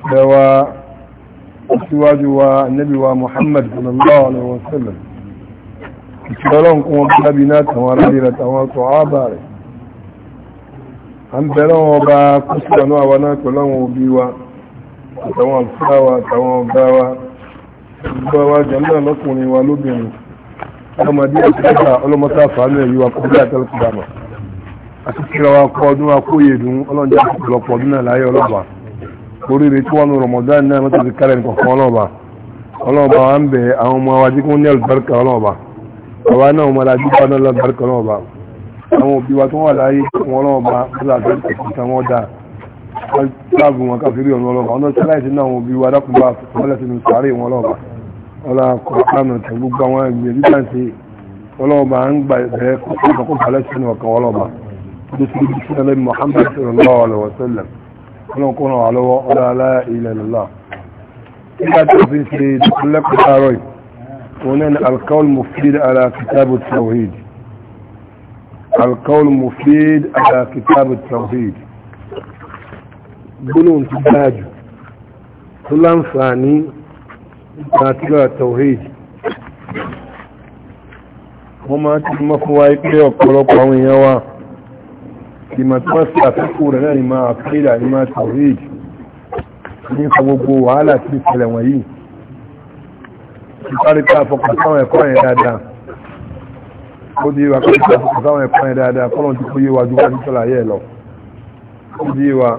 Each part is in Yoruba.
ìfẹ́wà síwájú wa annabi wa muhammad sallallahu alaihi wasallam ìfẹ́lọ́n kún wọn lábí náà tàwọn arábìnrin tàwọn tó ábà rẹ̀ a ń bẹ̀rẹ̀ wọn bá kó síwánú àwọn náà pẹ̀lú àwọn òbí wa àtàwọn àfúráwà àtàwọn ọ̀gá wa gbọ́ wa jẹ́mọ́ lọ́kùnrin wa lóbìnrin ọmọdé àtúntà ọlọ́mọta fàánù ẹ̀yí wa kọjá àti kíra kọ́ ọdún wa ọlọ́njẹ́ àti ọ̀pọ̀lọpọ̀ ọdún náà láyé ọlọ́pàá oríire tí wọ́n ní Ramadan náà mọ́tò ti kárẹ̀ nǹkan kan ọlọ́ọ̀bà ọlọ́ọ̀bà wa ń bẹ̀ àwọn ọmọ wa jí kún ní alùbáríkà ọlọ́ọ̀bà àwa náà wọn la dúpọ̀ náà alùbáríkà ọlọ́ọ̀bà àwọn òbí wa tó wà láyé wọn ọlọ́ọ̀bà mọ́tò àti ìtàn wọn dáa láàbù wọn káfírí ọ̀nà ọlọ́ọ̀bà ọ̀nà sáláìsì náà wọn bí wa dákùnbà mọ́lẹ́sìn sàárè wọn ọlọ́ọ̀bà ọlá kọ̀ọ̀kánù tẹ̀ gbogbo àwọn ìgbìyànjú náà ti ọlọ́ọ̀bà ń gbà bẹ́ẹ̀ kọ́kọ́ balẹ̀ sínú ọ̀kan ọlọ́ọ̀bà tó ti di sí ẹlẹ́ni Muhammad sallallahu alaihi wa sallam ọlọ́nkọ́nà àlọ́wọ́ ọlọ́lá ilẹ̀ lọ́la nígbà tí ó fi ń ṣe lẹ́kọ̀ọ́ àárọ̀ wọn ní alkaul mufid ala kitabu tawhid alkaul mufid ala kitabu tawhid gbólóhùn ti dájú tó láǹfààní àtìlọ́ tawhid wọ́n máa ti mọ́ fún wa pé ọ̀pọ̀lọpọ̀ àwọn èèyàn wa ìmọ̀ tí wọ́n sí àfẹ́kù rẹ̀ náà ni máa àkílà ní máa tawhid ní ka gbogbo wàhálà tí ìṣẹ̀lẹ̀ wọ̀nyí ìparí pé àfọkàsáwọn ẹ̀kọ́ yẹn dáadáa ó di wa kí àfọkàsáwọn ẹ̀kọ́ yẹn dáadáa kọ́lọ̀ ti kó yé wa ju wá nítorí ayé lọ ó di wa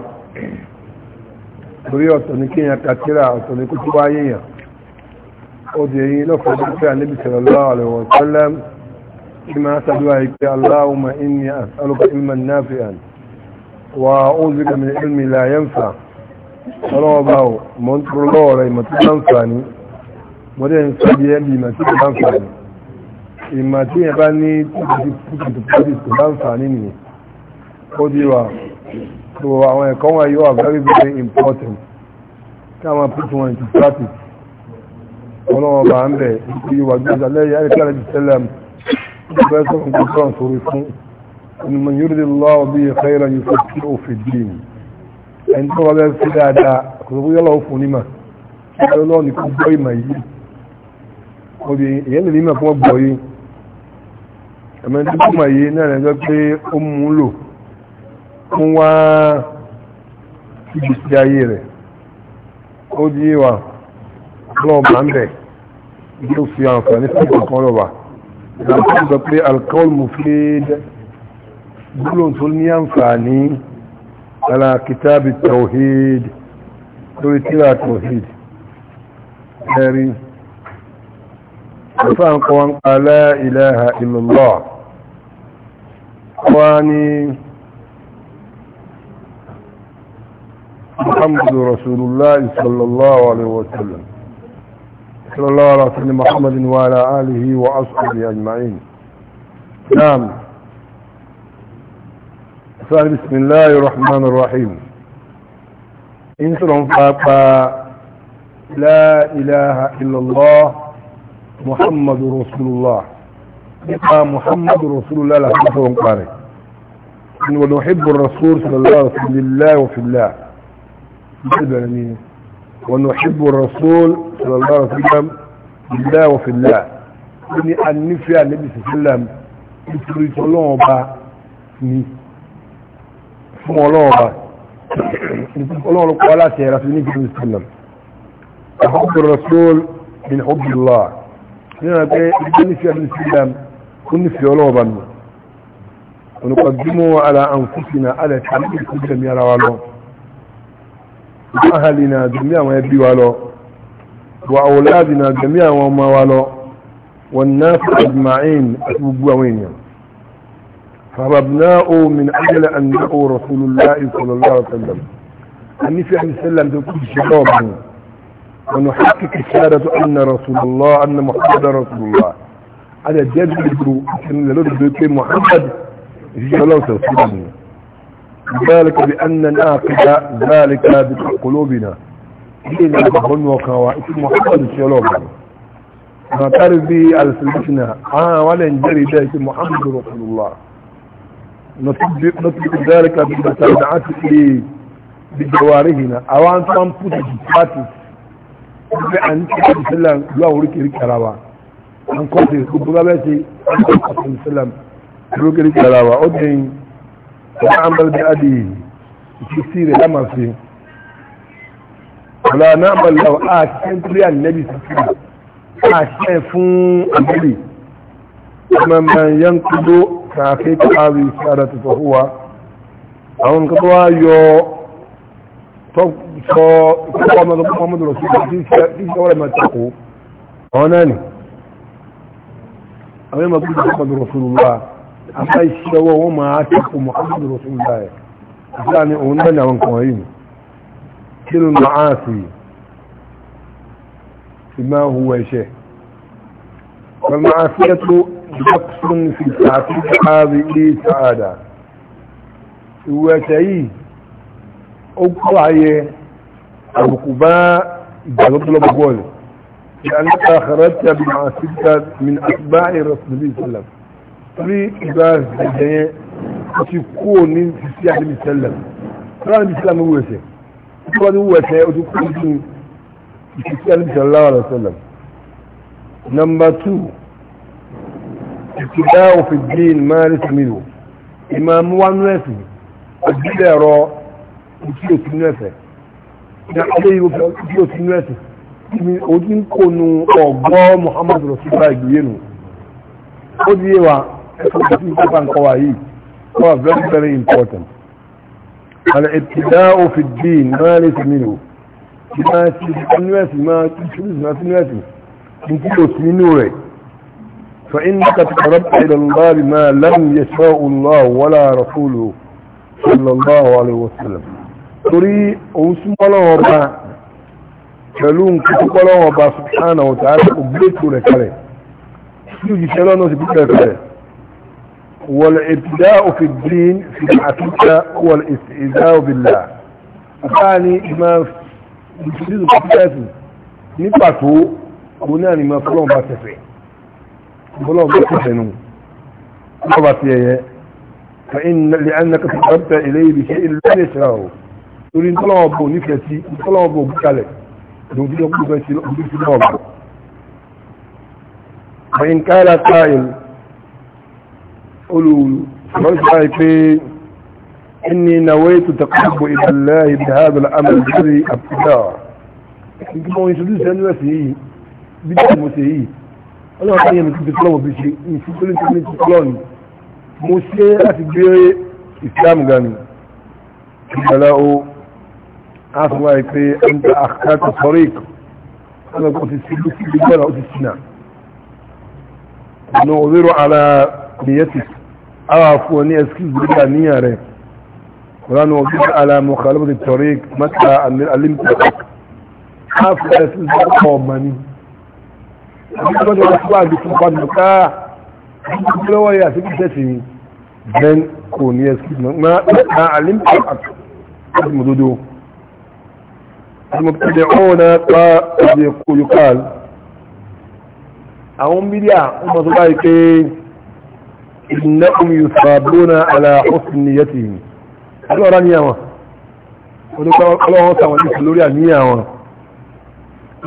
torí ọ̀tọ̀ ní kéèyàn kàtírà ọ̀tọ̀ ní kó tó wáyé yàn ó di eyín lọ́fọ̀ọ́ ما تدعي اللهم إني أسألك علما نافعا وأعوذ بك من علم لا ينفع ọlọ́ọ̀báwò mọ́ ń tọrọ lọ́wọ́ rẹ̀ ìmọ̀ tí ó láǹfààní mọ́dẹ̀ ń sọ́bí ẹbí ìmọ̀ tí ó láǹfààní ìmọ̀ tí yẹn bá ní púpùtùpùpùpù tó láǹfààní nìyẹn ó di wà tó àwọn ẹ̀kọ́ wọn yóò wà very very important kí a máa put wọn into practice ọlọ́ọ̀bá ń bẹ̀ ìwà gbọ́dọ̀ lẹ́yìn àríkàlẹ́jì sẹ́lẹ̀mù بأسهم بكران صريفون إن من يرد الله به خيرا يفكره في الدين أن ترى بها السدادة كتبوا يلا وفوني ما قالوا الله نكون بوي ما يجي وبي يلا لما كما بوي أما أنت كما يينا نجد أم له fún wá ìgbésí ayé rẹ̀ ó díyé wa lọ́ọ̀bà ń bẹ̀ ìdàkùn sọ pé alcohol mufid gbólóhùn tó ní àǹfààní ala kitabi tawhid lórí tíra tawhid ẹ̀rí ìfà ń kọ́ wọn la ilaha illallah wọ́n ni muhammadu rasulullah sallallahu alaihi wasallam صلى الله على سيدنا محمد وعلى آله وأصحابه أجمعين نعم سأل بسم الله الرحمن الرحيم إن فاقا لا إله إلا الله محمد رسول الله يبقى محمد رسول الله لا تفهم قارئ ونحب الرسول صلى الله عليه وسلم لله وفي الله الأمين ونحب الرسول صلى الله عليه وسلم بالله وفي الله إني أنفي النبي صلى الله عليه وسلم يتريد الله وبا ني فهو الله وبا الله وقال سيرا في النبي صلى الله عليه وسلم أحب الرسول من حب الله إني أنفي النبي صلى الله عليه وسلم ونفي الله وبا ونقدمه على أنفسنا على تعليم كل جميع الله وأهلنا جميعا ويبي والو وأولادنا جميعا وما والو والناس أجمعين أسبوع وين فربناه من أجل أن أنه رسول الله صلى الله عليه وسلم أني في عليه وسلم تقول شباب ونحقق الشهادة أن رسول الله أن محمد رسول الله على جد الجروب أن لرد محمد يجي الله ذلك بأن نأخذ ذلك بقلوبنا إلى أبن وكوا اسم محمد الشلوم ما تربي على ألسلتنا آه ولا نجري ذلك محمد رسول الله نطبق, نطبق ذلك بمتابعات بجوارهنا أو أن تنفذ جفاتي بأن تنفذ سلام الله ركي ركي روا أن قلت ربنا بيتي أن قلت رسول الله ركي ركي روا أدين وعمل بأديه كثير لما فيه ولا نعمل لو آتين تريا النبي سكري آتين فون النبي أما من ينقض تعفيك هذه الشهادة فهو أو انقضوا يو فهو محمد رسول الله في شوال ما تقو هناني أما يقول محمد رسول الله amma shi yawa wa ma ta ku muhammadu rasulullahi zani onan da wankan wayi ne kirin ma'asi ma huwa shi والمعافية نقص في تعفيف هذه سعادة وتعي أقعي القباء جلد لبقول لأنك خرجت بمعافيتك من أتباع رسول الله صلى الله عليه وسلم rí ìgbà ẹ̀jẹ̀ yẹn ó ti kú ní sísí àdébí sẹ́lẹ̀ rárá ní sílẹ̀ mi wù ẹ̀sẹ̀ tó bá wù ẹ̀sẹ̀ ó ti kú ní sísí àdébí sẹ́lẹ̀ lára sẹ́lẹ̀. nọmba tù ìtìdá òfin dín máa rí sàmìlò ìmàmù wa ẹ̀sìn àdúgbò ẹ̀rọ ìtì òtún nú ẹ̀sẹ̀ ní ọdún yìí ìtì òtún nú ẹ̀sìn ni ojú ń kó nu ọ̀gbọ́ Muhammadu Rasulullah ìgbéyé ó di yé wa ẹ̀fọ́n tó ń kọ́ wa yìí kọ́ wa very very important al-ibtida'u fi ad-din náà lè sí nínú máa ti sinúẹ̀sì máa ti sinúẹ̀sì ní kí o sí nínú rẹ̀ فإنك تقربت إلى الله ما لم يشاء الله ولا رسوله صلى الله عليه وسلم torí òun súnmọ́ lọ́wọ́ ọba pẹ̀lú nǹkan tó kọ́ lọ́wọ́ ọba subhanahu wa ta'ala kò gbé ètò rẹ̀ kalẹ̀ tí òjìṣẹ́ lọ́nà ti gbé kalẹ̀ والابتداء في الدين في العقيدة والاستئذاء بالله ثاني ما يفيد قتاته نبعته هنا ما فلون باتفه فلون باتفه نو فإن لأنك تقربت إليه بشيء لا يشراه تريد طلبه نفسي طلبه بكالك لو تريد أن فإن قال قائل olùwùlù wọ́n sọ pé inni nawaitu taqarrubu ila Allah bi hadha al-amal alladhi abtada'a nígbà mo introduce ẹni wẹ̀ sí yìí bí díẹ̀ mo ṣe yìí ọlọ́run tó yẹ mi tuntun fúlọ́mù bí ṣe ìfún tó lè tún ní fúlọ́ọ̀nù mo ṣe láti gbé islam gani ìgbàlá o a sọ wáyé pé ń ta àkàtà sọ́rík ọlọ́kọ̀ ti sí lókè gbígbọ́nà ó ti sinà ọ̀nà òwérò ara nìyẹ́tìsì awa fún ọ ní excuse bí ká níyàn rẹ̀ ọ̀rán wọn bí ká ala mukhalafati tariq mata alimtafak a fún excuse bí ká ọmọ ni àbí ká bọ́dọ̀ wọ́n wà bí fún pàdé ká bí lọ́wọ́ yà sí kí tẹ̀sí bẹ́ẹ̀ kò ní excuse mata alimtafak láti mọ̀ dodo المبتدعون قد يقال أهم بلا إنهم يثابون على حسن نيتهم هذا أرى نياوة الله سوى يسلوري نياوة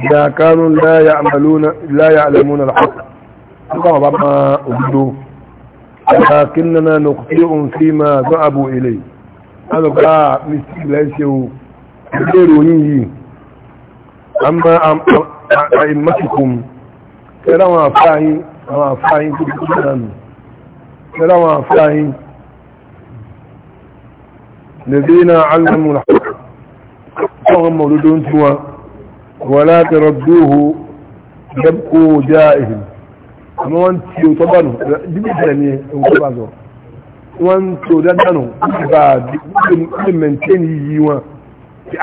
إذا كانوا لا يعملون لا يعلمون الحق الله بابا أبدو لكننا نخطئ فيما ذهبوا إليه هذا قاع مثل ليسه غيرونيه أما أئمتكم كلا ما فاهم ما فاهم كل kẹrẹ wọn àfíà yìí lèdè náà alìmọ̀lá wọn mọ̀lódó ń tí wọn wọ́n láti rọ̀dúhù dẹ́kò já ìhìn àmọ́ wọ́n tí ó tọ́ bánù dídí ìṣẹ̀lẹ̀ ní ẹ̀wọ̀n tó bá sọ wọ́n tí ó dádánù láti bá dídí mẹ́ntẹ́n yìí wọn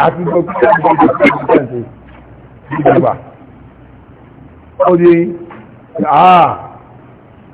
àti gbọ́ pé wọ́n bá tó tó tó tó tó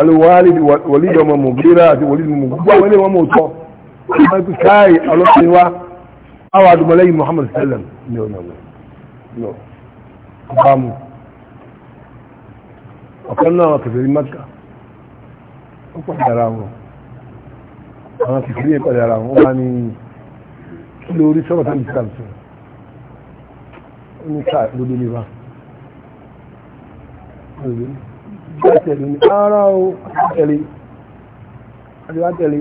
alùwárí wòlíì ọmọ mògíra àti wòlíì mògíra gbogbo àwọn ilé wọn mò tọ́ wọn ti káàyè ọlọ́sìn wa àwọn àdùmọ̀lẹ́yìn Muhammad sallam ní ọ̀nà wọn lọ ọbaamu ọ̀kan náà kẹfẹ́rí mẹ́ta ó pàdé ara wọn àwọn kẹfẹ́rí yẹn pàdé ara wọn wọn ní kí lórí sọ́rọ̀ tó ń sàn sọ ó ní káà lóde ní wa tẹ̀lé ní ara o tẹ̀lé àdìwá tẹ̀lé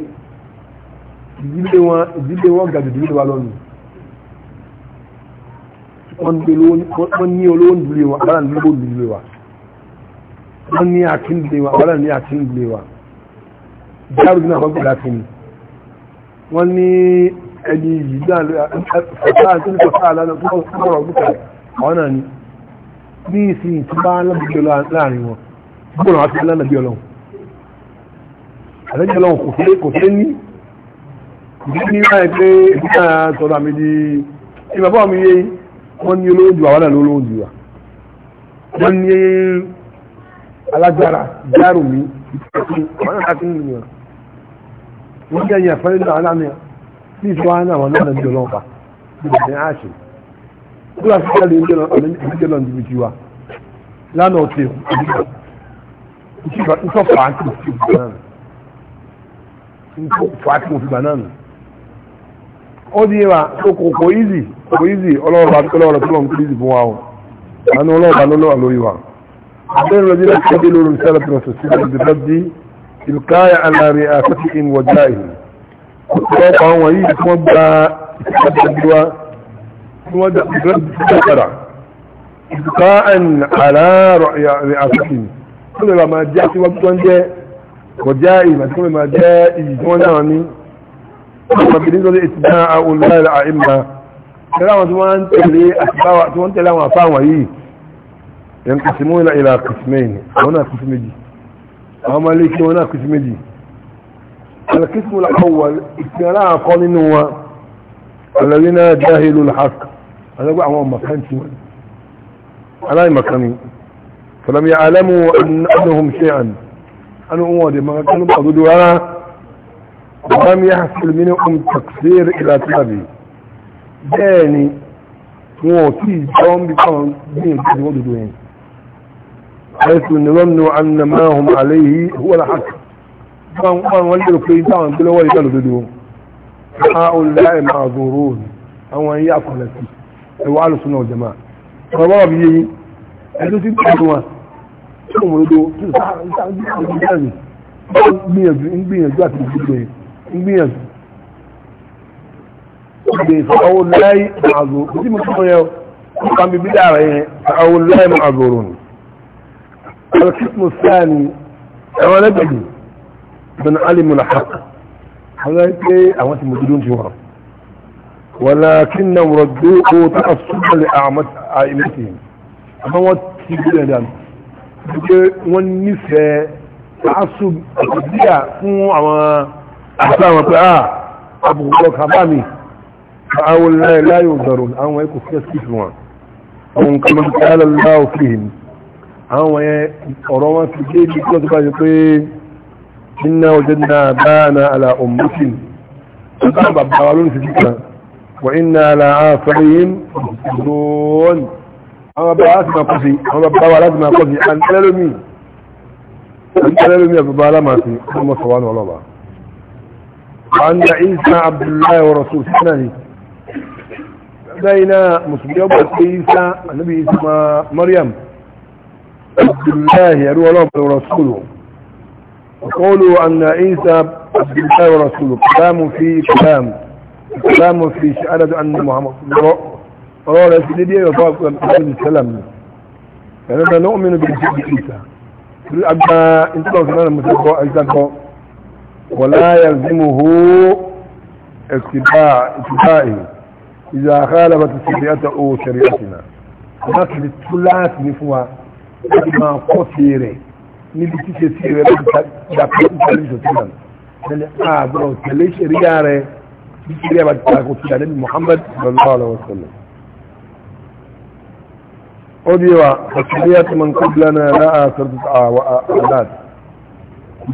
ìdílé wọn ìdílé wọn gàdù ìdílé wa lọ́nu wọ́n ní olówó ìdílé wọn àbára ní olówó ìdílé wa wọ́n ní àti ìdílé wa àbára ní àti ìdílé wa dáàbò náà wọ́n gbọ́dá sí ni wọ́n ní ẹni yìí náà fọ́tà àti fọ́tà àlànà tó wọ́n sọ̀rọ̀ púpọ̀ àwọn náà ní ní ìsìn ìtúbá lábùjọ láàrin wọn bọ́ọ̀lù àti alánàbí ọlọ́run àlẹ́jọ́ ọlọ́run kò fẹ́ kò fẹ́ ní ìdí ní láì pé ìdí náà tọ́lá mi di ìgbà bọ́ọ̀ mi yé wọ́n ní olówó jù àwọn àlọ́ olówó jù wà wọ́n ní alágbára dárò mi àwọn àti nínú mi wọ́n jẹ́ ìyẹn fẹ́lẹ́ náà láàmì sí ìfọwọ́ náà wọn náà lọ́dún ọlọ́run pa ìgbà ní àṣẹ kúrò àti ìjọba ìjọba ìjọba ìjọba ìjọba lánàá ọ̀tẹ̀ ìjọba ntọ́ fà á tí mo fi gbà náà ntọ́ fà á tí mo fi gbà náà nù. ó di wa kò kò easy kò easy ọlọ́run bá ọlọ́run tó lọ́n kò easy fún wa o àánú ọlọ́run bá lọ́wọ́ lórí wa. àbẹ́rẹ́ lọ́jọ́ náà kí wọ́n dé lórí sẹ́lẹ̀ tó sọ sí ọdún tó di ìlúkáyà alárí على رئاستهم kó lè máa jẹ́ síwájú tó ń jẹ́ kọjá ìgbà tí kó lè máa jẹ́ ìyí tí wọ́n náà ní ọmọbìnrin nítorí ètò náà àwọn olùdarí àìmọ̀ tẹ́lá wọn tí wọ́n ń tẹ̀lé àtibáwà tí wọ́n ń tẹ̀lé àwọn àfáwọn yìí yẹn kìsìmọ́ ìlà ìlà kìsìmẹ́yìn àwọn náà kìsì méjì àwọn ọmọ ilé kí wọ́n náà kìsì méjì alkìsìmọ́ làkọ̀wọ̀ ìpín aláàkọ́ nínú wọn alẹ́rí náà jáhìlú làhàk àwọn mọ̀kántì wọn aláìmọ̀kánì فلم يعلموا أن أنهم شيئا أنا أمودي ما كانوا بأضدوها ولم يحصل منهم تقصير إلى طلبي داني موتي جون بكون دين تزود دوين حيث نظنوا أن ما هم عليه هو الحق كان كان ولي الكيدان كل ولي كانوا بدون هؤلاء معذورون أو أن يأكل فيه وعلى سنة والجماعة فما بيجي ẹ̀dùn sí ìpàdé wọn tí òun rodo tí ìgbìyànjú ìgbìyànjú àti ìgbìyànjú ìgbìyànjú ìgbè ìfọwọ́ láì àzò tí mo tún yẹ ọkàn bíbí dára yẹn àwọn láì mọ àzòrò ni alkismu sani ẹ̀wọ̀n lẹ́gbẹ̀ẹ́ bin alimu na haka àwọn ẹgbẹ́ àwọn tí mo dúdú ti wọn ولكنهم sí bílẹ̀ dànù wípé wọ́n nífẹ̀ẹ́ àásù àkùdíyà fún àwọn àṣà àwọn pé ah àbùkù kàbá mi àwọn láyé òdòrò àwọn ẹkù fẹ́sì fún wọn àwọn kàmọ́ kàálà láwọ̀ fìhìn àwọn ẹ̀ ọ̀rọ̀ wọn fi dé ibi tó bá yẹ pé àwọn bàbá láti máa kọ́sí àwọn bàbá wa láti máa kọ́sí àǹtẹ́lẹ́lómi àǹtẹ́lẹ́lómi àbàbá alámàsí ọmọ sọ̀wánù ọlọ́ba عن عيسى عبد الله ورسول سنه بين مسلم عيسى النبي اسمه مريم عبد الله يروى الله ورسوله وقولوا أن عيسى عبد الله ورسوله كلام في كلام كلام في شهادة أن محمد ọ̀rọ̀ rẹ̀ sí dédé ọ̀pá ọ̀pọ̀lọpọ̀ sẹ́lẹ̀m ni ẹ̀rọ bẹ̀rẹ̀ náà mìíràn bíi ṣíbi ìta torí agbá ìtọ́lọ̀sọ náà mo ti kọ́ ẹ̀sìtàkọ́ wọ̀lá yàrìdìmù hó ẹ̀sìtàì ìjà àkàlà bá ti ṣèlè àtà ó ṣẹlẹ̀ àtìnà láti lè tú láti ní fún wa láti máa kọ́ sí rẹ̀ níbi ṣíṣe sí rẹ̀ láti dàpẹ́ ìtàlẹ́ ìṣòtìlẹ̀ tẹ́lẹ̀ àgbọ̀n tẹ̀lé ṣẹ̀ríyà rẹ̀ ṣíṣẹ́ríyà bá ti ta kò sí àdébì Muhammad sallallahu alaihi wa sallam أديوا حسنية من قبلنا لا أثرتها وأعلاد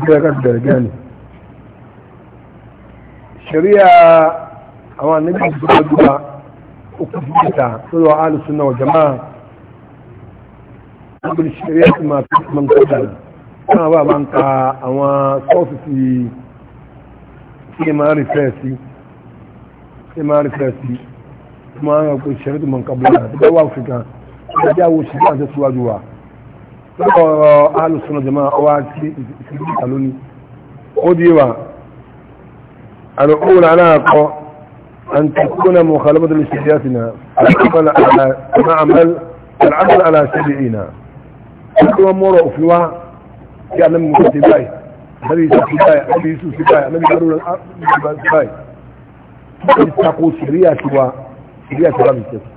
كده كده جاني شريعة أو النبي صلى الله عليه وسلم أكفتها صلوا أهل السنة والجماعة قبل الشريعة ما من قبلنا أنا بابا أنت أو صوفي في في معرفاتي في معرفاتي ما يقول شريعة من قبلنا ده وافقها ìdájá wo ṣe bí àti síwájú wa lọ́kọ̀ uh, alùsùnà jẹ́mọ́ ọwá sí ìsinmi ìtàlóní ó di wa alùkùnrin aláàkọ́ an tàkùnà mọ̀ kàlùmọ́tò lè ṣe díẹ̀ sínà al'amal ala ṣe ina kuma mọ́rọ̀ òfin wa kí a lẹ́mú kọ̀tí báyìí nabi isa sí báyìí nabi isu sí báyìí nabi karura sí báyìí tí ó ti takò síríà tiwa síríà tiwa bìtẹ́sì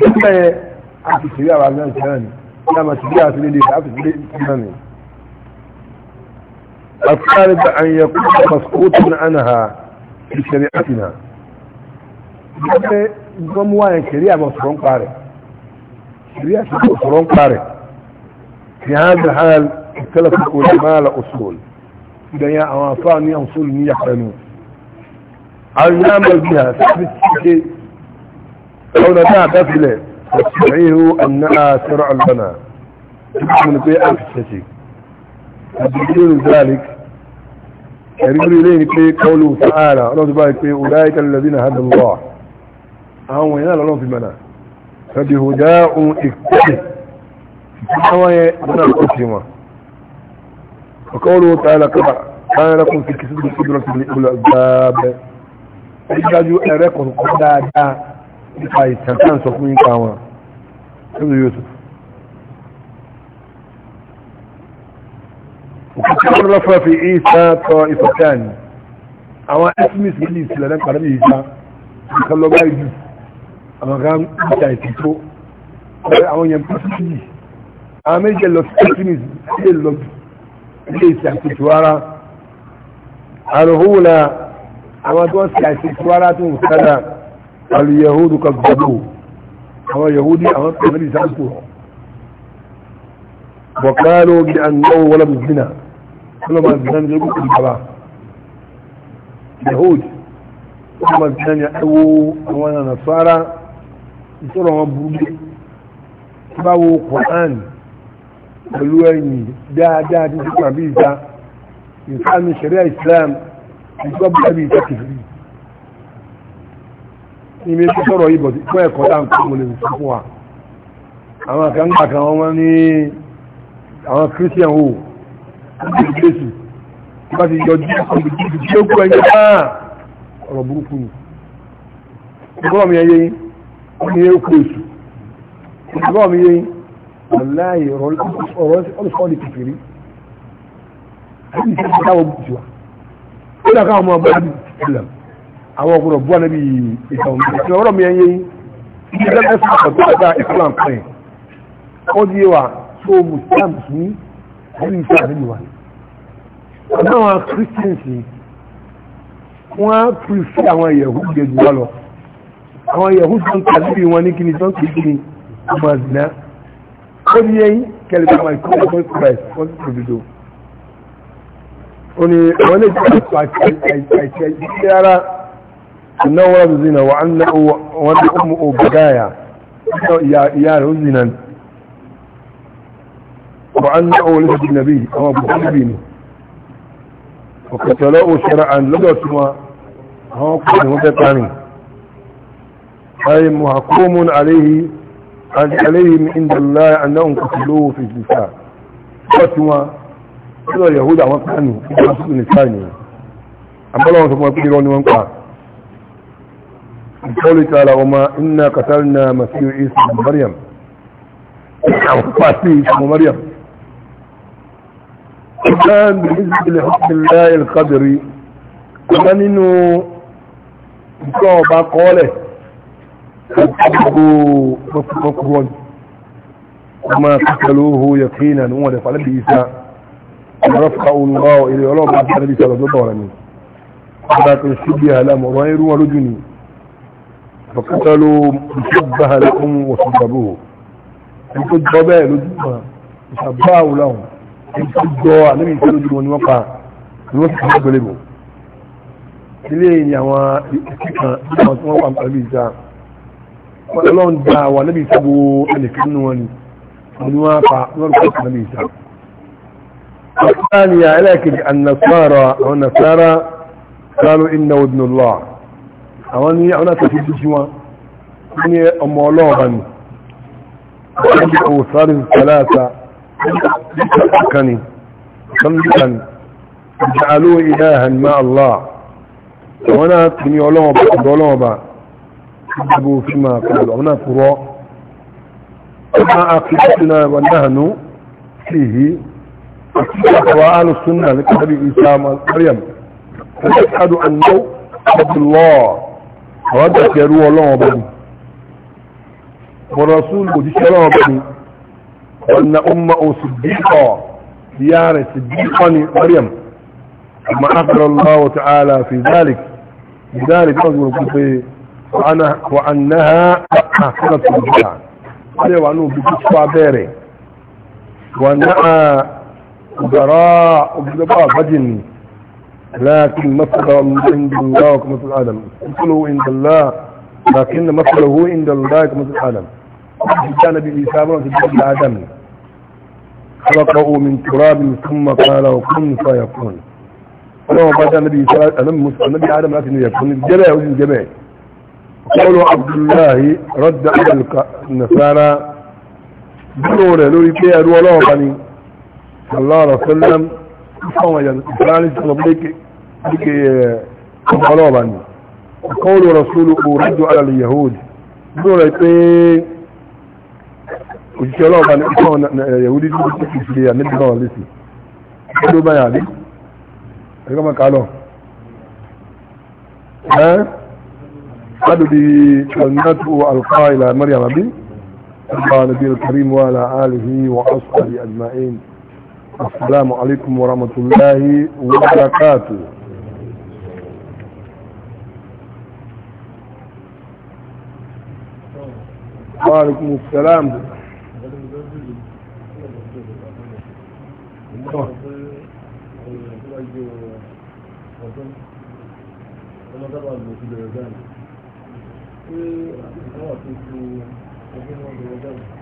bẹ́ẹ̀ àfìsìrí àwọn agbáǹsì náà ni ní àmà tìbí àti lè lè àfìsìrí náà ni àfìsìrí bá an yẹ kúrò maskótó na ana ha ìṣẹ̀rí àfìnà bẹ́ẹ̀ gbọ́n mú wáyé kẹrí àmà sọ̀rọ̀ ń parẹ̀ kẹrí àti sọ̀rọ̀ ń parẹ̀ ní hàn hàn ìtẹ́lẹ̀kọ̀ kò lè máa la òṣùl idan ya àwọn afáà ní àwọn òṣùl ní yàtọ̀ nù àwọn yàmà bí ha sábì tí ọ̀nà tá a bẹ́ filẹ̀ ọ̀sẹ̀ríhù annáà sọ́rọ̀ albana tukun pé a fi ṣẹṣe àdìgbìrì zalik ẹ̀rígbìrì lè ní pé kọlu sa'ala ọlọ́dún báyìí pé ọláìkà lọ́dún hàdùn lọ́ àwọn ìyá lọ́nà fi mana sọ́dí hùdá ohun ìkọ́lẹ̀ àwọn yẹn lọ́nà kọ́ sí wọn ọkọ̀lù ta'ala kaba nípa ìtàntàn sọ fún yíká wọn ẹgbẹ̀ Yusuf òkúta wọn lọ́fọ́ fi ìsá tọ ìfọ̀tẹ́ni àwọn ethnic ní ìsìlẹ̀ náà pàdé ìsá nǹkan lọ báyìí jù àwọn kan ìjà ìtìtó àwọn yẹn pàṣípì yìí àwọn méjì lọ sí ethnic tó ń sì àìsìtò ara tó ń sára aliyahudu kazzabu àwọn yahudi àwọn kẹfẹ́lì sáàpù rọ̀ bọ̀kálò bí an náwó wọ́lá bí zina wọ́lá ma zina ní ẹgbẹ́ kùn bàbá yahudi wọ́lá ma zina ní ẹwọ́ àwọn ọ̀nà sára ìṣọ́rọ̀ wọn burúkú tí bá wo pẹ̀lú ẹ̀yìn dáadáa ti sọ́kùn àbí ìta ìsáàmì ṣẹ̀ríà islam ìjọba bí ìta kìfìrí ní mi sọ̀rọ̀ yìí bọ̀dí fún ẹ̀kọ́ tá à ń kọ́ mo lè fi fún wa àwọn kan gbà kan wọ́n ní àwọn christian wò ní jésù tí wọ́n ti yọ jésù tí ó kú ẹ̀yẹ náà ọ̀rọ̀ burúkú ni ìgbọ́n mi ẹyẹ yín ó ní eéko èṣù ìgbọ́n mi ẹyẹ yín aláì ọ̀rọ̀ ọ̀sán ni kìfìrí ó ní ìṣẹ́ ìṣẹ́ ìṣẹ́ ìṣẹ́ ìṣẹ́ ìṣẹ́ ìṣẹ́ ìṣẹ́ ìṣẹ́ àwọn ọkùnrin ọ̀bú ànábì ìtàn ìtàn ọ̀rọ̀ mi ẹyẹ yìí ìjọba ẹ̀fọ́ ọ̀tọ́ ọ̀tá ìfúnà pẹ̀ wọ́n di wa tó mùsùlùmí sí ẹ̀rí ìfẹ́ ànábì wa ọ̀nà àwọn christians wọ́n á prefer àwọn yẹ̀hú gẹ̀ẹ́dù wa lọ àwọn yẹ̀hú tó ń ta níbi wọn ní kíni tó ń kí kíni ọmọ àzìnà ó di ẹ̀yìn kẹlẹ̀ bí wọn kọ́ ọ̀tọ́ christ wọ́n ti tòbìdò ó ní àwọn ilé ìjọba àti àìsí àìsí àìsí ara أنه ولد زنا وأنه ولد أمه بقايا يا يا زنا وأنه ليس بالنبي أو بخلبين وقتلوه شرعا لدوتما هو كان مدتاني أي محكوم عليه عليه من عند الله أنهم قتلوه في النساء دوتما هذا يهود عمقاني في النساء أما الله سبحانه وتعالى بقوله تعالى وما إنا قتلنا مسيح عيسى بن مريم مسيح بن مريم كان بالنسبة لحكم الله القدري كان إنه بقوة قوله فاتبقوا مصدقون وما قتلوه يقينا هو لفعل بإيسى رفع الله إليه ولو بعد النبي صلى الله عليه وسلم ولكن شبه الأمر وغير ولدني فقتلوا مشبه لهم وصدبوه الكذباء لدوها وصدبوا لهم ان الكذباء لم يسألوا جلوا أن يوقع الوصف حق يا واسكنا وقام أبيزا وقالون جاء ونبي سبو أن يكنوا أن يوقع ونبقى أبيزا النصارى والنصارى قالوا إنه ابن الله àwọn ní àwọn láti fi jíjí wọn wọ́n ní ọmọ ọlọ́ọ̀bá ni wọ́n ní òsàrí sàlátà kani sọ́lùkani ìjàlú ilahan ma Allah àwọn náà ti ní ọlọ́ọ̀bá ọ̀dọ̀ ọlọ́ọ̀bá gbogbo fi máa kọlù àwọn náà fúrọ́ ọmọ akíkọ́sínà wọn náà nù síhì akíkọ́ alùsùn náà ní kọ́bí isa maryam وتشهد أنه عبد الله àwọn àgbàtí ẹrú ọlọ́wọ́ bá ní mọ̀rọ̀súlù òjíṣẹ́ ọlọ́wọ́ bá ní ọ̀nà ọmọ òsì díkọ̀ ìyá rẹ̀ sì díkọ̀ ní Maryam ma akọrọ lọ́wọ́ ta'ala fi zalik zalik wọ́n gbọ́n kú pé wa annaha akọrọ tó jíkà wọ́n wà ní òbí tó abẹ́rẹ̀ wọ́n náà ọgbàrá òbí lọ́pàá bájì ni لكن مثله عند الله كمثل آدم مثله عند الله لكن مثله عند الله كمثل آدم كان بإسامة بن آدم خلقه من تراب ثم قال وكن فيكون فلو بدأ النبي صلى الله عليه وسلم النبي آدم لكن يكون الجميع والجميع قول عبد الله رد على النصارى قالوا له لو يبيع الولوغني صلى الله عليه وسلم fáwọn èèyàn ìfúnnáàlì tó lọ léke ọlọ́ọ̀bà ni kọ́ọ̀lù rasúlù òrùjọ alàlù yahudi bí ó rẹ̀ pé òṣìṣẹ́ ọlọ́ọ̀bà ni ìfọ̀n yahudi tó ti fi fi àníbi náà lẹ́sìn kí ló bá yà dé ẹ̀kọ́ máa kà á lọ. قد كلمته القى الى مريم بنت النبي الكريم وعلى اله واصحابه اجمعين السلام عليكم ورحمة الله وبركاته وعليكم السلام Thank you.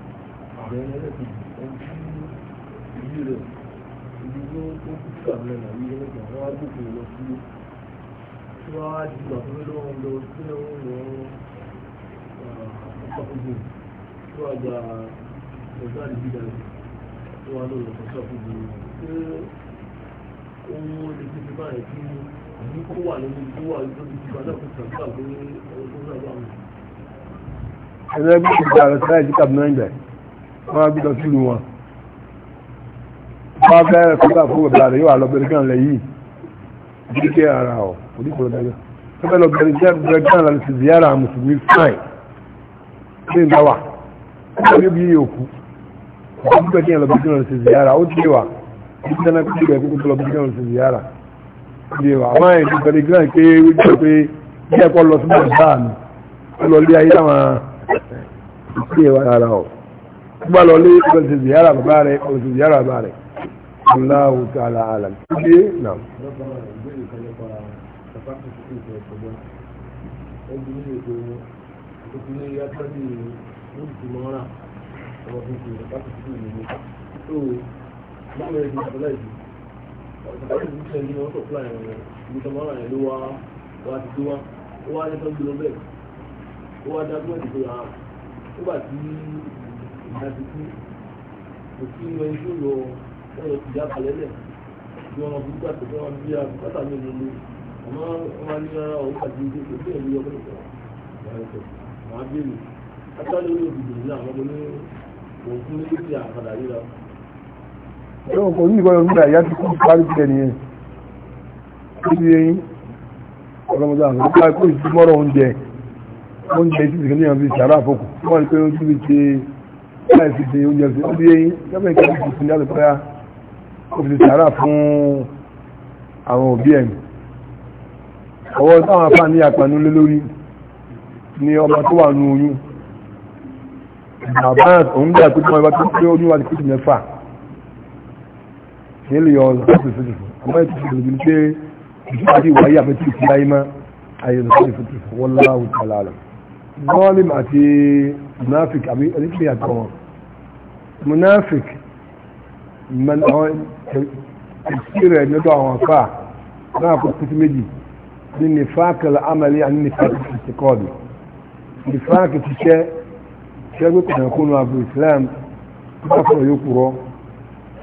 bẹ̀rẹ̀ ẹlẹ́kejì ojú ìlú rẹ̀ ìlú ló ó kú kàwọn ẹ̀nà yìí ẹlẹ́kejì àwọn agbègbè lọ sí ilé tí wọ́n á di àtúnwé lọ́wọ́ lọ sí lọ́wọ́ lọ ọ̀pọ̀gbò tó àjà ọ̀gá àdìbí dàrú tó wà lọ́wọ́ ọ̀pọ̀gbò ṣé owó lè ti fi báyìí kí àbí kó wà lórí tó wà lórí tó wà lórí tó wà lórí tó wà lórí. ẹgbẹ́ gbọ́dọ̀ ìgbà rẹ̀ sẹ́yìn tí kàbí náà ń bẹ̀rẹ̀ wọ́n á bí lọ sílùú wọn wọ́n á bẹ́ẹ̀rẹ̀ kọ́gbà fún ọ̀dà rẹ̀ yóò àlọ́bẹ̀rẹ̀ kan lẹ̀ yìí jíkẹ́ ara ọ̀ oníkòrò dájọ́ tọ́bẹ̀ lọ bẹ̀rẹ̀ jẹ́ bẹ̀rẹ̀ kan lọ sí ziyara mùsùlùmí fáìn ní ìdáwà ó ní bí òkú ọdún bẹ̀rẹ̀ kan lọ bẹ̀rẹ̀ kan lọ sí ziyara ó ti wà ní sẹ́nà kúrò bẹ̀rẹ̀ kúrò lọ bẹ̀rẹ̀ kan lọ sí ziyara ó ti wà àwọn àyè bẹ̀rẹ̀ kan pé wíjọ pé bí ẹ̀kọ́ lọ sí bẹ̀rẹ̀ báà mi ó lọ lé ayé táwọn ìpínlẹ̀ wa ara ọ̀ gbà lọ lé ibẹ̀ ṣe ziyara bàbá rẹ̀ o ṣe bàbá rẹ̀ Allahu ta'ala alam. ṣé nà. Wọ́n á dá gbọ́dọ̀ pé nígbà tí ìdájúkú kò sí ẹni tó lọ ọ̀rọ̀ ti dá balẹ̀lẹ̀ bí wọn burúkú àti bí wọn bí i àbúkátà mi lòlò àmọ́ wọn máa ní rárá òun àti ìdí kò sí ẹ̀rí ọkọ̀ nìkan máa bèèrè látàrí orí òdìdì ní àwọn ọmọ ní òkú ní títí àkàdà ríra. yóò kò ní ìgbọ́dọ̀ nígbà ìyá ti kú parí ti ẹni yẹn ti yẹn ọlọ́mọdé àwọn ọmọdé kó ìsúmọ́rọ̀ àwọn ibi láì fi di oúnjẹ sí ó bí eyín gẹ́gẹ́ ìkẹ́ ìkẹ́ ìfún jáde pẹ́yà ó fi sàárà fún àwọn òbí ẹ̀mí ọwọ́ táwọn afá ní àpànú lé lórí ni ọba tó wà nù oyún bàbá òun dà tó tán ẹbá tó pé oyún wà ní kìtì mẹ́fà kí lè yọ ọ̀sán tó fi fún ọmọ ètò ìṣẹ̀lẹ̀ ìlú pé ìṣúná ti wáyé gọ́ọ̀lìm àti munafik àbí oníkìlì àtọ̀wọ̀n munafik ìsirẹ̀ lọ́dọ̀ àwọn afá náà kò kú sí méjì ní nìfàkàlà amàlí àní nìfàkì ti kọ́ọ̀dù nìfàkì ti ṣẹ́ ṣẹ́gbẹ́ kọ̀nàkúnnù àbú islam nígbà fún ọ̀yọ́ kúrọ́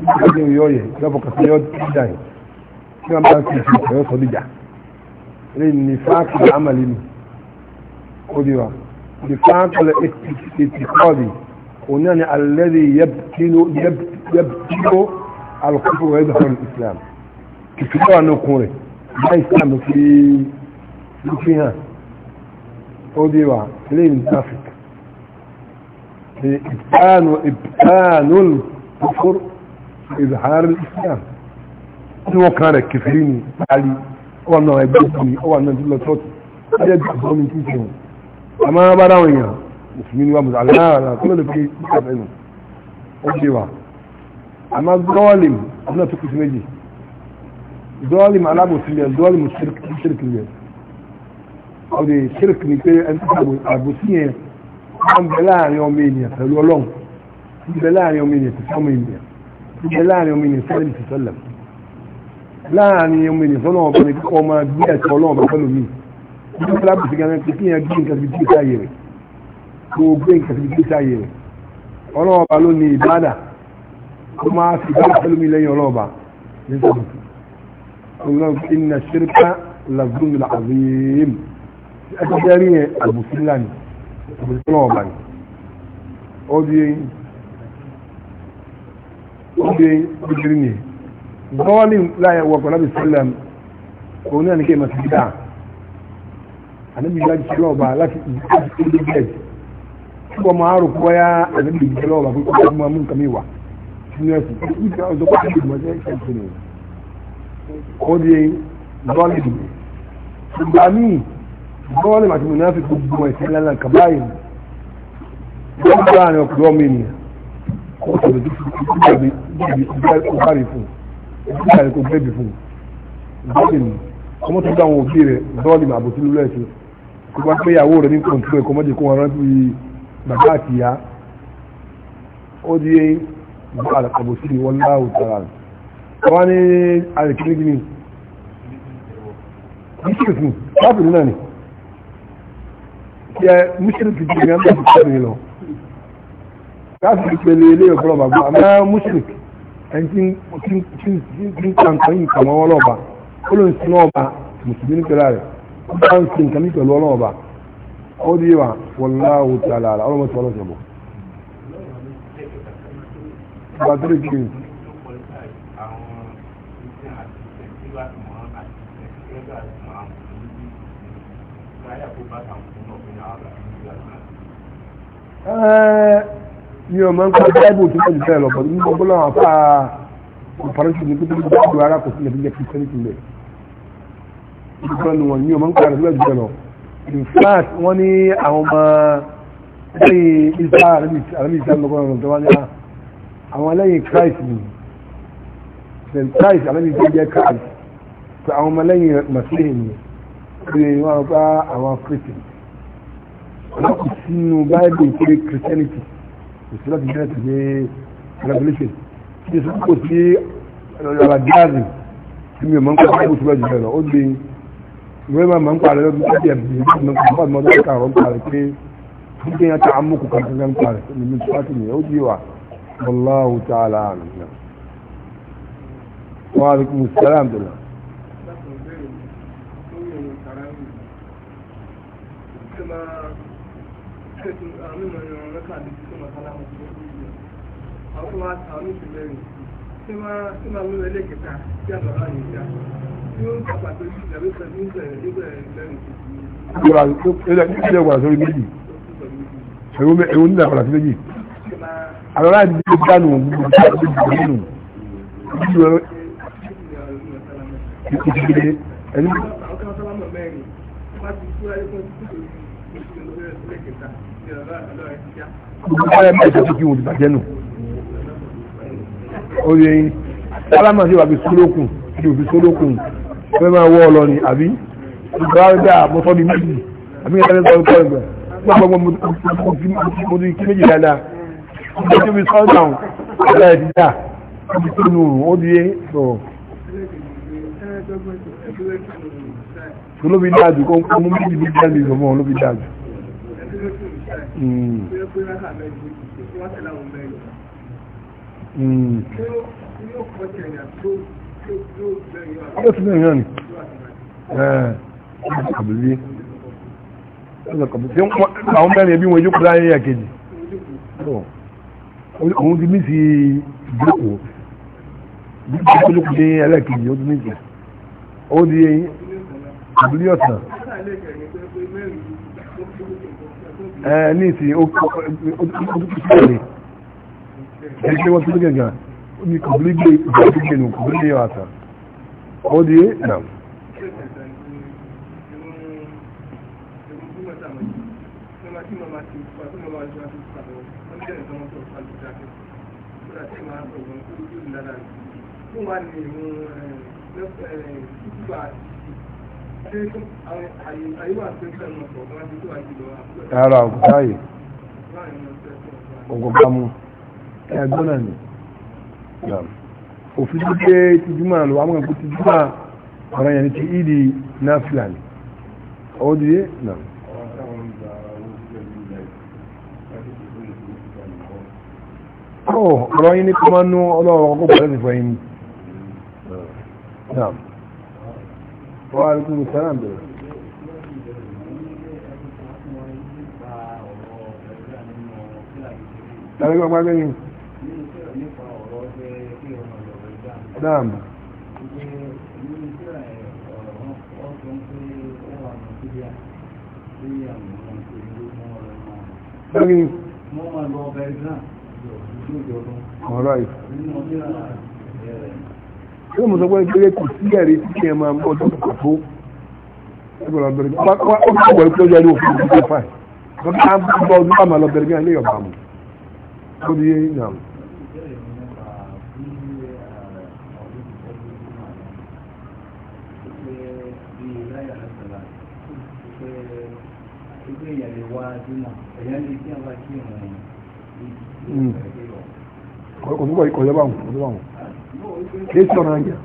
nígbà fún ọ̀yọ́ yẹ lọ́pọ̀ kàtà yọ dídà yìí tí wọ́n bá ń kìí ṣe ọ̀yọ́ sọ́díjà ní nìfàkàlà amàlí mi ó di بفاعل الاتقاضي هنا الذي يبتل يبتل الكفر ويدخل الاسلام كفر نقول ما يسلم في فيها اوديوا ليه متفق ابتان وابتان الكفر إظهار الإسلام هو كان الكفرين علي هو انه يبتني هو انه يبتني هو انه يبتني àmọ́ bá dáwọn èèyàn mùsùlùmí ni wà mùsùlùmí aláàrà kí ló lè fi kíkà fẹ́nu ó ṣe wà àmọ́ dọ́ọ̀lìm ọdún tó kùsù méjì dọ́ọ̀lìm alábòsílẹ̀ dọ́ọ̀lìm ṣírkì yẹn ọdún ṣírkì ni pé ẹni tó àbòsí yẹn wọ́n bẹ láàrin ọmọ ènìyàn pẹ̀lú ọlọ́run bẹ láàrin ọmọ ènìyàn pẹ̀lú ọmọ ènìyàn bẹ láàrin ọmọ ènìyàn sẹ́lẹ̀ ti sẹ́lẹ̀ láàrin ọmọ ènìyàn sọ́nà ọ̀bọ̀n ni kíkọ́ ọmọ gbé ẹ̀tọ́ ọlọ́run pẹ̀lú mi ní fúlábù sí gan pé kíyàn gbé nǹkan síbi kíkà yìí rẹ̀ kó o gbé nǹkan síbi kíkà yìí rẹ̀ ọlọ́ọ̀ba ló ní ìbádà kó máa fi bá pẹ̀lú mi lẹ́yìn ọlọ́ọ̀ba ní sàbùkù ọlọ́ọ̀ba iná ṣẹ́ríkà làbùn làbùn ẹgbẹ́ rí yẹn àbùsí ni àbùsí ọlọ́ọ̀ba ni ó di eyín ni bọ́ọ̀lì láyẹ̀wọ̀ pẹ̀lú àbùsí ńlá ní kí ẹ máa dáa ànábì ìjọ àjíṣẹ́ lọ́ọ̀bà láti ìdílé gẹ̀ẹ́sì tí wọ́n máa rò pọ́yá ànábì ìjọ lọ́ọ̀bà pé kọ́kọ́ mú amú nǹkan mi wà sínú ẹ̀sìn tí ìjọ ọ̀sọ́ pé ànábì ìjọ ṣe ṣe ṣe ó di bọ́ọ̀lì dùn ìgbà míì bọ́ọ̀lì àti mùnáfi gbogbo ẹ̀sìn lẹ́la kàbáyé wọ́n bá àrùn ọkùnrin ọmọ ènìyàn kó sọ̀rọ̀ tó fi gbàgbé fún ìgbàgbé kó gbẹ̀bì fún ìgbàgbé ni ọmọ tó dá àwọn òbí rẹ̀ bọ́ọ̀lì àbòsílú lẹ́sìn tó bá pé ìyàwó rẹ̀ ní kọ̀ǹtù ẹ̀kọ́ mọ́jẹ̀ kó wọn rántí bàbá àti ìyá ó di bá àlàkàbò sí ìwọ́n láwù tara rẹ̀ wọ́n ní àlèkiri gini bíṣìkì láàbù nínà ni kí ẹ mùsùlùmí ti gbìyànjú àti ìṣẹ́ni lọ láti pèlè ilé ọ̀pọ̀lọ̀ bàbá àmọ́ mùsùlùmí ẹni tí ń kàǹkàn yìí kàmọ́ ọlọ́ọ̀bà ó lóun sí náà ọba mùsùlùmí ní pẹ̀lú rẹ̀ bá ń sin nǹkan ní pẹ̀lú ọlọ́wọ́ bá ó dí wà wallahu ta'ala ọlọ́mọ tí ọlọ́sẹ̀ bọ̀ patrick king mi ò máa ń kọ́ báìbù tó wọ́n bẹ́ẹ̀ lọ pẹ̀lú gbogbo náà àpá ìparí ṣùgbọ́n tó tó gbogbo ara kò sí ẹ̀bí jẹ́ kí sẹ́ni tún bẹ́ẹ̀ ìgbọ́nù wọn ní ọmọ ń kàrẹ̀ sílẹ̀ jùlọ in fact wọ́n ní àwọn ọmọ lẹ́yìn isa alamí isa lọ́kọ́ ọ̀rọ̀ tó wá ní ah, àwọn lẹ́yìn christ ni christ alamí isa jẹ́ christ tó àwọn ọmọ lẹ́yìn masihi ni pé wọ́n rọ bá àwọn christian wọ́n kò sínú bible pé christianity kò sí láti jẹ́ tẹ̀lé revolution kí ni sọ́kò sí ọ̀làjáàzì tí mi ò mọ̀ ń kọ́ ọ́ bó ti bá jù lọ ó ìwé máa ma ń parẹ́ lọ́dún tó jẹ́ bí i nípa mọ́tò tó kàrọ̀ ń parẹ́ pé ń yẹn ta amúkù kankan ń parẹ́ nínú pàtì ni ó jíwà wallahu ta'ala àmìnà wa alaikum assalam àmìnà. Àwọn ọmọ àti àwọn ìṣẹ̀lẹ̀ rẹ̀ ṣé máa lóyún ẹlẹ́kẹta bí àbàbà yìí dá ilẹ̀ wà sórí méjì ẹ̀rọ nílẹ̀ wà sí méjì àlọ́lá ìdí tó dánù nínú nínú ìkìkìkìdé ẹni gbogbo ayé mẹ́ta tó kí wọn ti bàjẹ́ nù orí ẹyin sálámà sí wà fi sólókùn sí òfin sólókùn fẹ́ máa wọ́ ọlọ́ni àbí ìgbàláwọ́dá mọ́sọ́bí méjì àbí ẹ̀rẹ́ sọ́rọ̀ kọ́ ẹgbẹ̀ gbọ́gbọ́gbọ́ mo ti kí méjì dáadáa mo ti fi sọ́ọ̀dáun ọ̀dá ìdíjà ó ti tó nùrù ó di sọ̀rọ̀ olóbi dáàdù kó ń kó mú méjì méjì dáàdù ìgbọ̀mọ́ olóbi dáàdù Mm. Hmm ọdọ́ sí náà ní ẹ̀ẹ́ kàbílí tí àwọn mẹ́rin ẹbí wọn ìjókòó láyé ẹ̀kejì òun ti mí sí ìjókòó bí kí ó lókùn ní ẹlẹ́kejì ó ti mí sí ó di kàbílí ọ̀sán ẹ̀ẹ́ ní ìsìn ó tó kí ó lè ẹgbẹ́ wọn tó gẹ̀gẹ̀ ni kòbílígbé ìgbàgbígbé ní kòbílígbé àtà ó di nàm Ara òkúta yìí, òkúta mú, ẹgbọ́n náà ni òfin tó dé ti júmọ̀ lọ àwọn kan kó ti júmọ̀ ọ̀rọ̀ yẹn ti ìdí náà fìlàní ó di yé náà. Oh, ọ̀rọ̀ yìí ní kí wọ́n nú ọlọ́run ọkọ̀ pẹ̀lú ìfọ̀ yìí náà wọ́n dáàmù. lórí ọ̀rọ̀ yìí mo kò sí ẹ̀rí tí kí ẹ máa mú ọdún kò tó ẹgbẹ̀rún ọ̀bẹ̀rẹ̀ gbà wọ́n kò wọlé pé òfin ìdíje ọdún àmàlọ́bẹ̀rẹ̀ ní ọ̀bàmù ó di yé ìyàwó. kọ̀dúkọ̀ ìkọ̀yẹ́ hmm. báwọn kọ̀dúkọ̀ báwọn kí tí ọ̀nà àjẹ́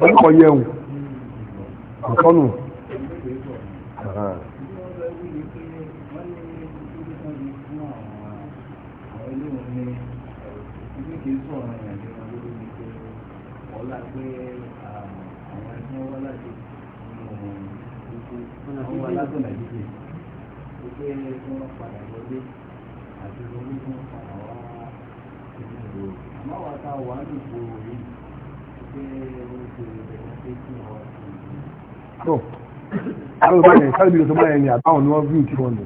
kọ̀dúkọ̀ yẹ ẹ̀hùn àkọ́nù ọlá àwọn ẹgbẹ́ wọ́n láti ọmọ ìgbókó àwọn alágbọ̀n nàìjíríà pé kí wọ́n padà wọlé àti wọlé kí wọ́n padà wá inú ìlú àmọ́ wà tá a wà ní ìgboro yìí pé ó ṣe ìbẹ̀rẹ̀ pé kí wọ́n ti ìlú. Àwọn ọba yẹn sáré bí ọsọ báyẹn ni àbáwọn ni wọ́n bí ìtì wọn lò.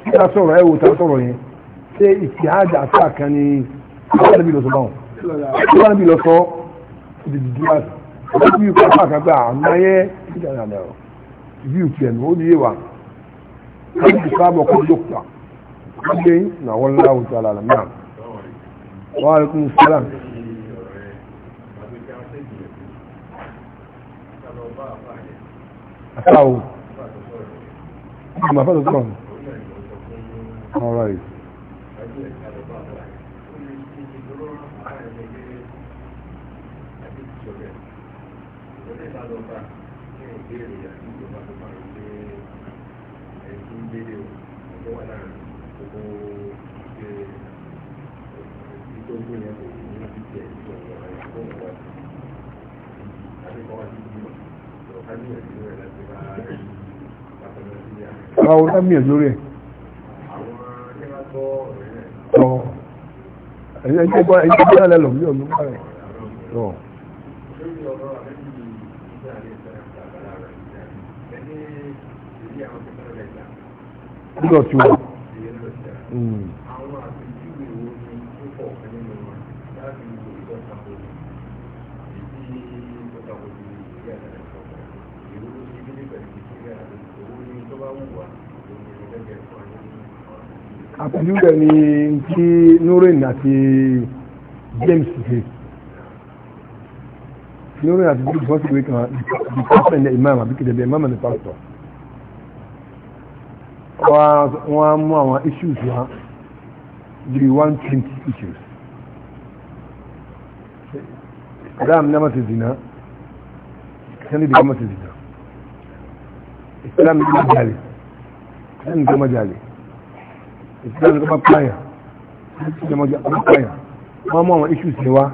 Kí a sọ̀rọ̀ ẹ wo ta sọ̀rọ̀ yẹn? Ṣé ìtì àjà àti àkàn ni àwọn ọ̀dọ́ bí lọ sọ báwọn? Ṣé wọ́n bí lọ sọ ìdìdì wá sí? Ọ̀dọ́ bí àkàgbà àmọ́ ayé ìjà àjà rọ̀. Ìbí ìtì ẹ̀nu ó ní yé kan isaba ko dokta dai na wallahu ta'ala alam na'am wa alaikum salam asawo ma fa to all right Thank you. àwọn olámìyàn lórí ẹ̀ tọ́ ẹ̀yẹ́ gbọ́ ẹ̀yẹ́ gbọ́ ẹ̀lẹ́ lọ́mí ọ̀nà wà rẹ̀ tọ́ Nígbà tí wọ́n. Hmm. àpèjúwe ni ti Nurin àti James ṣe Nurin àti James wọ́n sì wé kan the pastor and the imam àbí kìdẹ̀ the imam and the pastor wọ́n á mú àwọn issues wá di one thing issues Islam náà ti dìnnà Islam náà ti dìnnà Islam náà ti dìnnà Islam náà ti dìnnà ìsìláàmù kọ́ pààyà ìjọmọ̀jọ pààyà wọ́n mọ̀ àwọn issues ni wá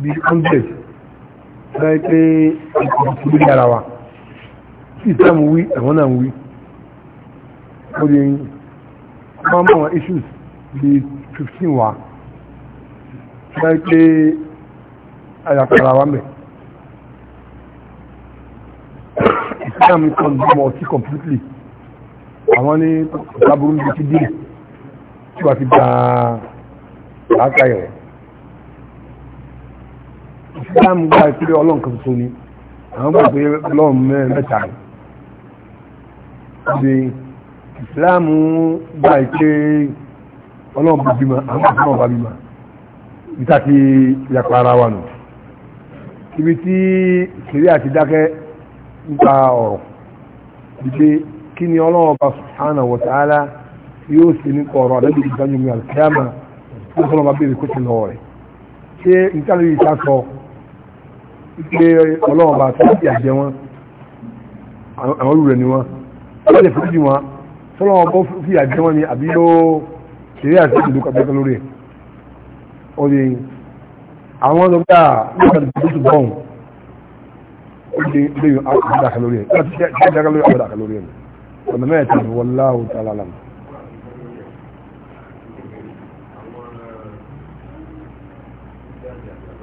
bí hundred láì pé ìkọ̀ọ̀tún lórí ara wa tí ìsìláàmù wí àwọn náà wí ó di ẹyin wọ́n mọ̀ àwọn issues bí fifteen wá láì pé àyàkàrà wa mẹ́ ìsìláàmù kọ́ ọ̀tí completely àwọn ní ìtàbùrú ti dín tí wà ti bá àáká rẹ̀ islam gba ìpínlẹ̀ ọlọ́run kan tuntun ni àwọn gbà pé ọlọ́run mẹ́ta ni ṣe islam gba ìpé ọlọ́run bí bímọ àwọn gbà ọba bímọ níta ti yàpá ara wa nù ibi tí kiri àti dákẹ́ nípa ọ̀rọ̀ wípé kí ni ọlọ́run ọba subhanahu wa ta'ala yóò ṣe ní kọ̀ọ̀rọ̀ àdájú ìdájọ́ mi àlùkẹ́yàmà tó fọlọ́ bá béèrè kó ti lọ rẹ̀ ṣé nǹkan lè ta sọ pé ọlọ́run bá tó ti àjẹ wọn àwọn olùrẹ̀ ni wọn wọ́n lè fún wọn sọ́lọ́wọ́ bó fi àjẹ wọn ni àbí yóò ṣeré àti ìlú kàbẹ́kẹ́ lórí ẹ̀ ọdẹ àwọn ọlọ́gbà nígbà tó tó bọ́ọ̀n ọdẹ ilé yóò àkàlórí ẹ̀ ọdẹ àkàlórí ẹ̀ ọdẹ àkàlórí ẹ̀ ọ̀nà mẹ́ẹ̀ẹ́ta wọláwù tààlà lánàá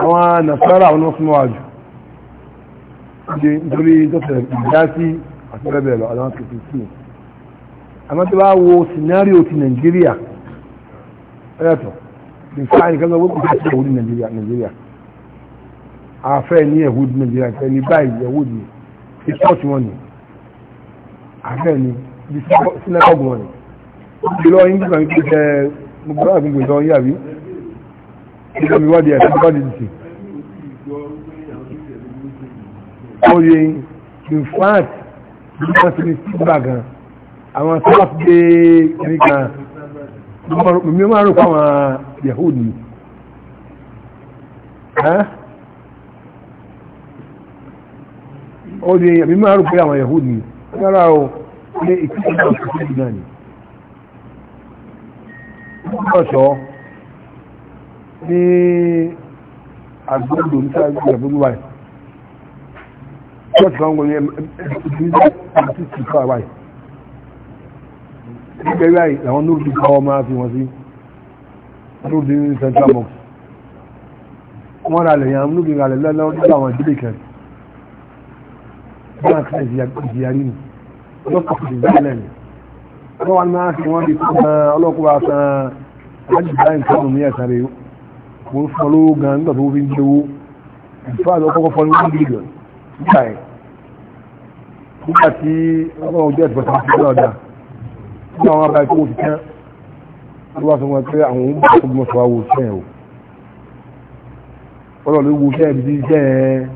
àwọn nàṣàrà àwọn ọ̀sánwájú ṣe nítorí tọ́sẹ̀ ìdásí àti rẹ́bẹ̀ lọ àwọn kìtì sí àmọ́ tí wàá wo scenario ti nàìjíríà ẹ̀yàtọ̀ nìkan nìkan lọ wọ́pọ̀ sí ẹ̀wọ́ ní nàìjíríà nàìjíríà àfẹ́ ní ẹ̀wọ́ ní nàìjíríà ìfẹ́ ní báyìí ẹ̀wọ́ ní ìṣọ́ọ̀tì wọn ni àfẹ́ ní sinagogue wọn ni ìlọ yín gbọ́dọ̀ ní pé ẹ gbọ́dọ̀ àgbègbè lọ yàrá nígbà mi wádìí àti wádìí nìsí. oye in fact nígbà tí ní sígbà gan àwọn sábàtì dé kiri kan mi máa rò fáwọn yahudi oye mi máa rò pé àwọn yahudi rárá o ní ìkíkí náà kìí náà ni ní àgbọ̀dọ̀ ní sáà ìgbà fún wáyé church kan wọlé ẹgbẹ́ àti ìfà wáyé nígbẹ̀ wáyé làwọn nóòdì kọ́ máa fi wọ́n sí nóòdì ní central mosque wọ́n rà lẹ̀yìn àwọn nóòdì rà lẹ̀ lọ́wọ́ nígbà àwọn ìdílé kẹrin wọ́n kà ìjìyàrí ni wọ́n fún ọlọ́wọ́ gan nígbà tó fi ń jẹ́wó ìfẹ́ àlọ́ kọ́kọ́ fún ọlọ́wọ́ bílíọ̀n nígbà ẹ̀ nígbà tí ọlọ́wọ́ jẹ́ ìfẹ́ tó fi ọ̀dà nígbà wọn abáyé tó wọ́n ti tán ló wá sọ wọn pé àwọn ń bá tó gbọ́n sọ àwọ̀ iṣẹ́ ẹ̀ o ọlọ́wọ́ ló wo iṣẹ́ ibi iṣẹ́ ẹ̀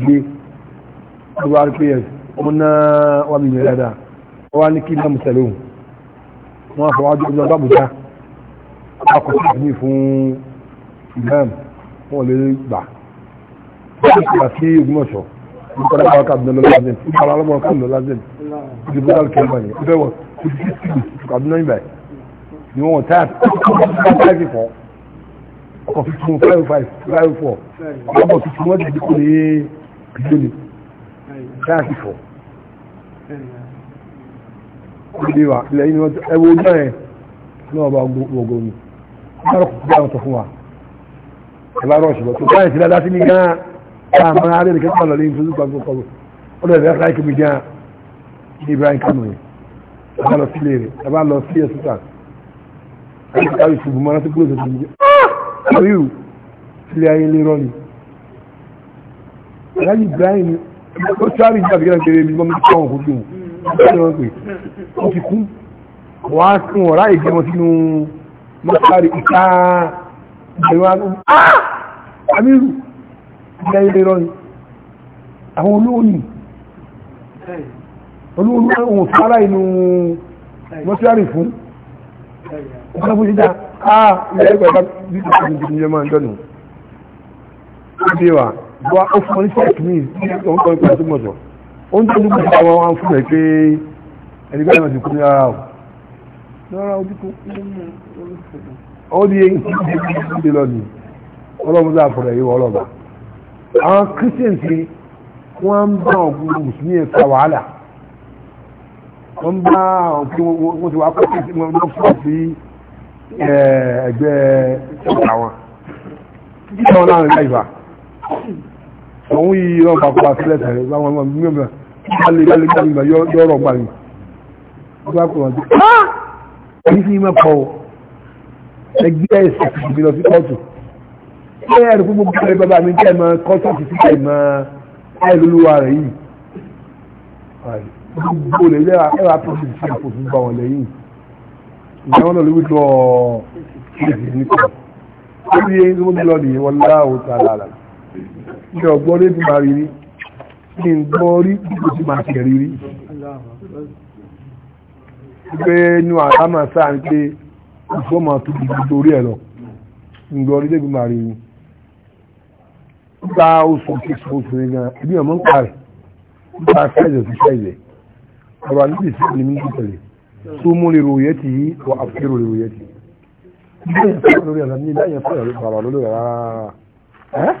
gbé ló wá pé ẹ̀ ọmọ náà wà mí yẹn dáadáa wọ́n wá ní kí náà mùsẹ̀ lóhùn imam wọn lè gbà nípa sí ìgbìmọ̀ṣọ́ nípa nípa ọkà àbúdá lọ́lá zin nípa alágbọ̀n ọkà lọ́lá zin ní bọ́dà kẹfà yẹn ibẹ̀ wọn kò sí síbi kàdúnà ibẹ̀ ni wọn táyà five four ọkọ̀ fifteen five five five four ọkọ̀ fifteen wọn ti dínkù ní kìló ni táyà sí four. ilé wa ilẹ̀ yìí ni wọ́n ẹ̀wọ̀n náà ẹ̀ ní ọba ogun ogun ni wọ́n rọ̀ kó bí àwọn sọ fún wa o ẹ̀bá rọ̀ ṣùgbọ́n tó báyìí sílá láti ní gán án máa rẹ̀ nìkan pàlọ́ lẹ́yìn fún ìgbà gbogbo ó lọ ìrẹ́fẹ́ láìkí mi jẹ́ ní Ibrahim Kanu yìí ẹ̀bá lọ sílé rẹ̀ ẹ̀bá lọ sí ẹ̀ sùtà ẹ̀bá lọ ṣùgbọ́n máa ti kúrò tó ti jẹ́ àríwú sílé ayé lé rọ́ ni aláàjì Ibrahim ó sáré ìjà bí kẹ́kẹ́ bí wọ́n ti kọ́ òkú dùn ó ti kú wọ́n á sún ọ̀rá ìgbẹ́mọ̀ sínú mọ́sáré ìkáà ìwádùn ah amíru ilẹ̀ ilẹ̀ rọrùn àwọn olóòyìn bọ́ ah! ó fún ọní sẹ́ẹ̀kì ní ìwọ̀n kan pẹ̀lú tó mọ̀tọ̀ ó ń tẹ́lú gbogbo àwọn àwọn fún ẹ̀ pé ẹni bẹ́ẹ̀ náà ti kú ara ọ̀ lọ́ra ojú tó kú ó ní ìdí lọ́nì ọlọ́mọdé àfọ̀rẹ̀ yìí wọ́n lọ́ba àwọn christians ni wọ́n ń bá ọ̀gbìn mùsùlùmí ẹ̀ka wàhálà wọ́n bá ọ̀gbìn wọ́n ti wá pọ́sí wọn lọ fún ọ̀sí ẹgbẹ́ ìjọba wọn títí táwọn náà nígbà ìbá òun yìí lọ́n bá kọ́ àtúlẹ̀ tẹ̀lé láwọn ọmọ mi mìíràn alẹ́ alẹ́ gbàgbà yọ̀ọ̀rọ̀ gbàgbà wọ́n bá kọ́ wọn ti ká èyí ẹgbẹ́ ẹ̀sẹ̀ ìgbè lọ sí kóòtù ṣé ẹ̀rù fún gbogbo ẹ̀rẹ́ bàbá mi jẹ́ ẹ̀mọ kóòtù àti títà ìmọ̀ ẹ̀lúluwa rẹ̀ yìí gbogbo lè lẹ́ra ẹ̀rà tó ti fi àpò fún gbàwọ̀n lẹ́yìn ìgbà wọn lọ lórí lọ ìdí nìkan ó ní ẹni tó lọ nìyẹn wọn láwọ ta lára ní ọgbọ́n lé ti máa rí rí gbọ́ rí kò sí máa tẹ̀ rí rí pé inú àlámà sáà ń pé ìfọ́ máa tó di gbogbo orí ẹ̀ lọ ǹgbọ́ orí dégbé máa rí ni ó gba oṣù kìsọ oṣù rẹ̀ gan ibi ọmọ ń pa rẹ̀ ó gba ṣáìzẹ̀ sí ṣáìzẹ̀ ọ̀rọ̀ àníbi sí ìlú ní tẹ̀lé tó mú lè ròyẹ́ tì í wọ àfikẹ́rò lè ròyẹ́ tì í. ilé yẹn fẹ́ràn lórí ẹ̀rọ ní ilé yẹn fẹ́ràn lórí bàbá lórí ẹ̀rọ ẹ́.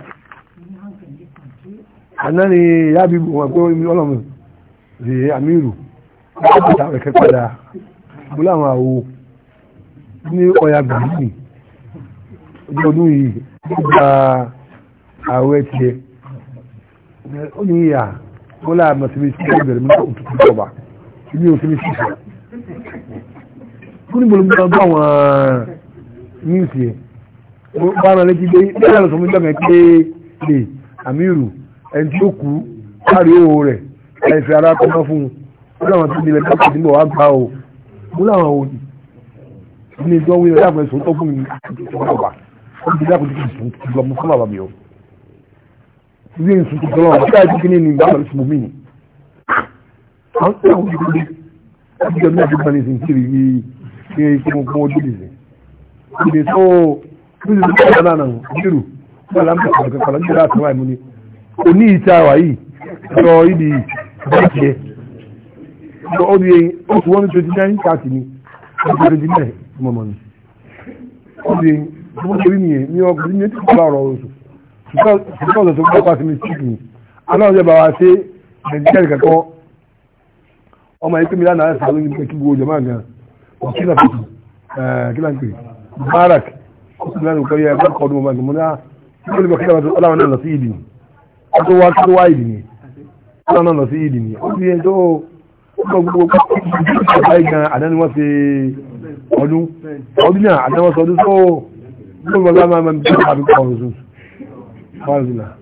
àná ni yábí wọn pé ọlọ́run rèé amíru wọ́n bá bàtà rẹ̀ kẹ́kọ̀ọ́ dáa bó láwọn àwo ní ọya gbàgbé ọjọ́ ọdún yìí nígbà ààwẹ̀ tiẹ̀ ó ní ìyà wọ́n láà mọ̀ síbi sí ẹgbẹ̀rẹ̀ mọ́ òtútù ìjọba ní òsìlẹ̀ sísẹ̀ kú ní gbọ́lọ́gbọ́ bá wọn ní ìsì ẹ̀ bá wọn létí pé bẹ́ẹ̀ lọ sọ fún jọ́kẹ́ pé lè àmírù ẹni tí ó kú káàrí owó rẹ̀ ẹ̀fẹ̀ ara kọ́mọ́ fún un ó láwọn tó nílẹ̀ káàkiri nígbà wá gbà ó láwọn òdì ní ìjọ wíwọ yàgò ẹsùn tó fún mi ìjọba wọn ti dákòtò kìí sùn tó gbọmọ fún bàbá mi o ìwé ìsùn tó gbọmọ bàbá yàgò kí ni ní ìgbà mẹ́rin sùnmù mí ni àwọn tó yàgò kí ni ẹbí jẹ mẹ́rin gbọmọ ní ìsìn kiri yìí kí ni kí mo kún ojú ìsìn ìdè tó bí ìsìn tó yàgò náà nà ìdírù fún alámì kàkàrà kàkàrà ní ìlà àtàwà ìmú ni òní ìta wà yìí lọ ìdí báyìí yẹ ó di oṣù one twenty nine thirty ni ọjọ́ twenty nine ọmọ mọ̀ ni ó di ọmọ orí nìyẹn ní ọkùnrin ní ìtura ọ̀rọ̀ oṣù ṣùgbọ́n ọ̀sẹ̀ tó ń kọ́kọ́ sí mi síkì ni aláwọ̀jẹ́ bá wa ṣe nàìjíríà kẹ́kọ́ ọmọ yìí pínlẹ̀ náà sàlọ́ ní pé kí gbogbo jọmọ́ àgbà ọ̀kílà pẹ̀lú kílàǹpẹ̀ barak kọ́kùnrin láti kọ́ yẹ ẹgbẹ́ kọ́ ọdún ọmọ àgbà mọ́lá kí ló kílà pẹ̀lú ọlọ́run náà lọ sí ìdì ni ọdún wa kí wá ìdì ni ọdún ọdún náà àtẹ́wọ́sọ tó ó gbọ́dọ̀ lámàmà ní àbíkọ̀ ọ̀rọ̀